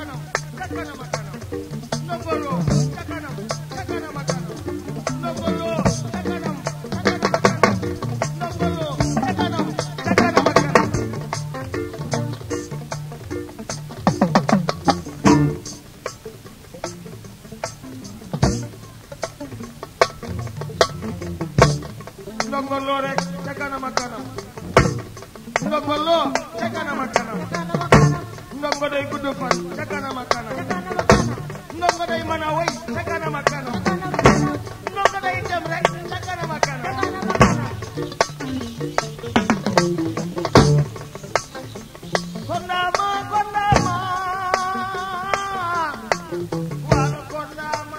Ndongolo rek ca kanam a kanam Ndongolo ca kanam a kanam ndongo day gudd fan ca kanam ak kanam ndongo day mën a way ca kanam ak kanam ndongo day dem rek ca kanam ak kanam kondaama kondaama waa kondaama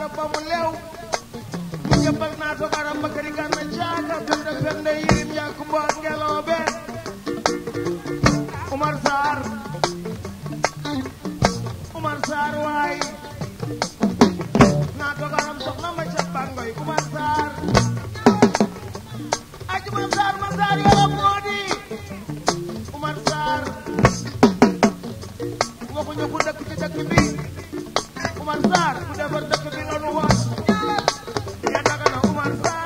la mu lew mu jëmbal naa to aram bakari ganna caaka tunda fende yirim yakuba ngeloobe Umar Sarr Umar Sarr waay naa to aram soxna ma ca bangoy Umar Sarr aji Umar Sarr ma Sarr yaram moo di Umar Sarr waxuñu ku dëkk ci dëkk bi Oumar Sarr bu defar dëkk bi la nu war ya daga na Oumar Sarr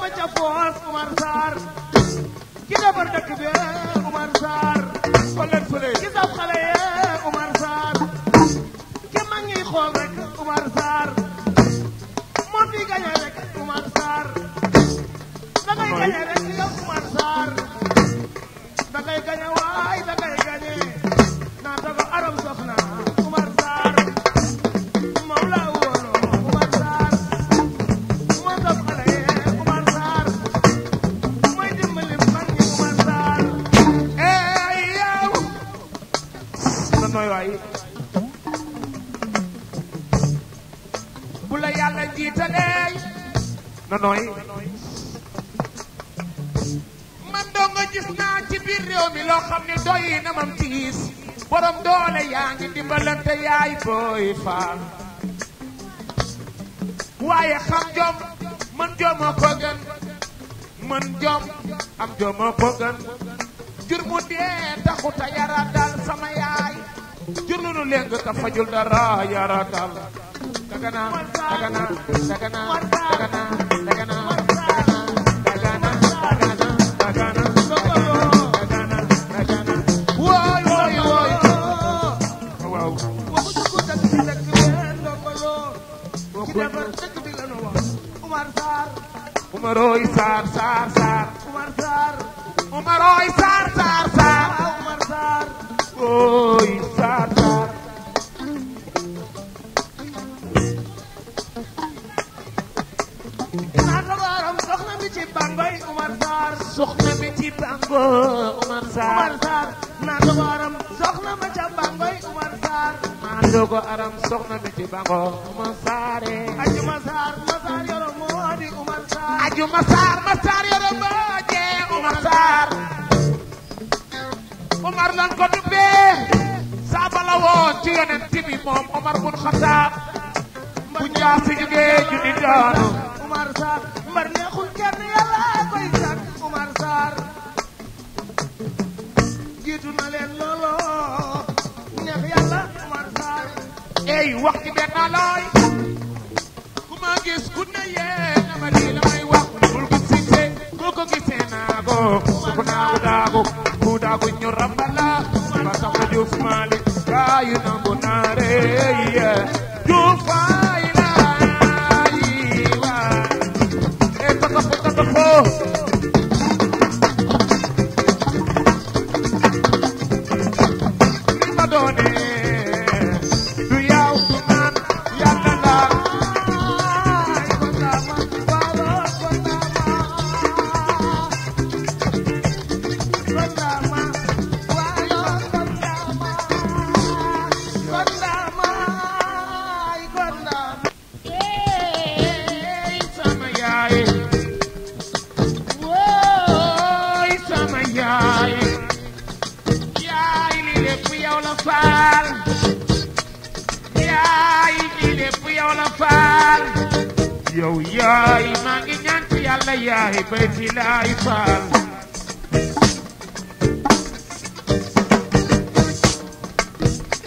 borom Omar Sarr ki defar dëkk bi Omar Sarr kon leen fële ki saf xale ye Omar Sarr ki mag xool rek Omar Sarr moo fi gañe rek Omar Sarr da gañe rek yow Omar Sarr gañe waay da gañe naa tago aram nooy waay bu la yàlla jiitalee na nooy man gis naa ci biir réew mi loo xam ne doy na mam tiis doole yaa ngi dimbalante yaay booy faal waaye xam jom mën jomoo ko gën mën jom am jomoo ko gën jur mu dee taxuta yara dal sama yaa jurnu nu leng ka fajul dara ya ratal dagana dagana dagana dagana dagana Umaroy sar sar sar Umar sar Umaroy sar sar sar Umar sar koy saataar naata baaram soxna bi ci bangoy Umar Sarr soxna bi ci bango Umar Sarr naata baaram soxna ma ca bangoy Umar Sarr maa jogo aram soxna bi ci bango Umar Sarr aju ma Sarr ma Sarr yoro moo di Umar Sarr aju ma Sarr ma Sarr yoro moo jee Umar Sarr Omar la woon ci yonent bi moom Omar bun Xataab bu ñaar si jógee junni daanu Omar Sarr mbar neexul kenn yàlla koy sàkk Omar Sarr jiitu na leen looloo neex yàlla Omar Sarr ey wax ci benn looy Madonna. la faal yaay lii lépp yow la faal yow yaay maa ngi ñaan ci yàlla yaay bayti laay faal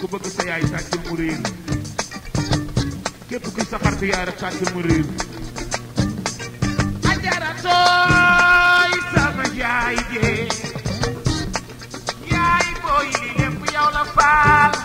ku bëgg sa yaay sàcc mu réer képp kuy sa rek sàcc mu réer faal